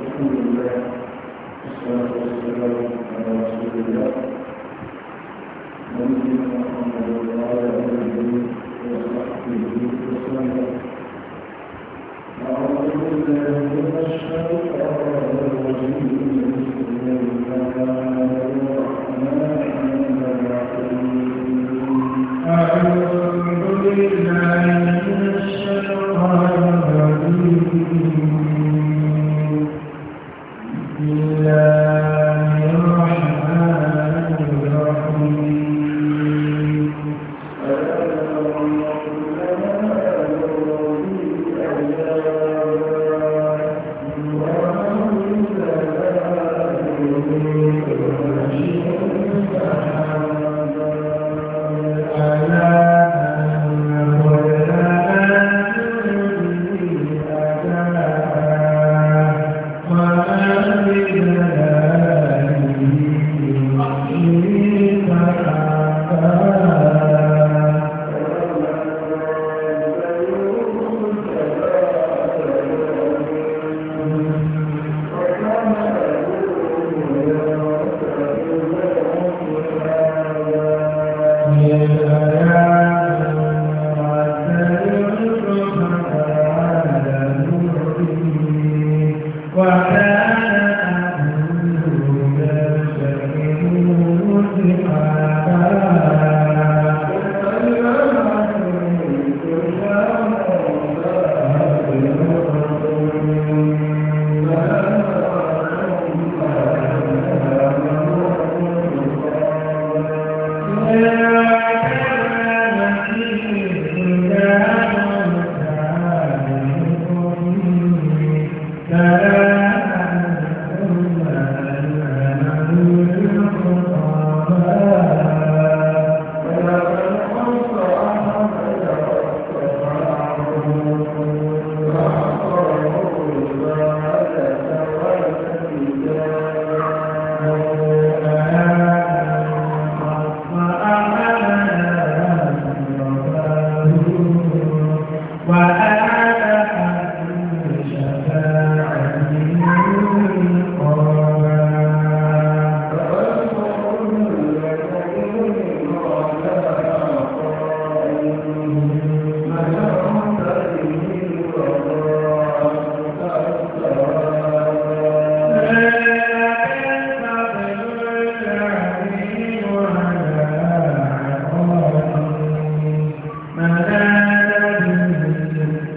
الحمد لله والصلاة والسلام على رسول الله نبينا محمد ولا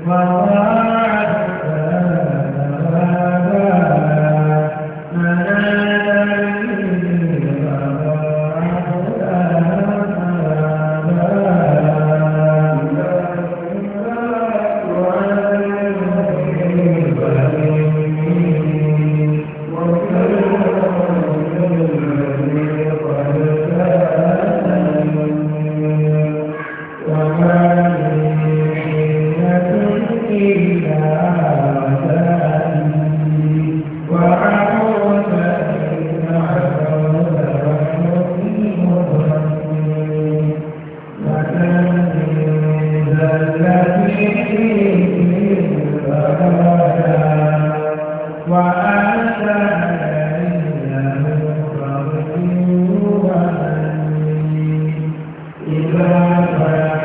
Bàbá Thank you.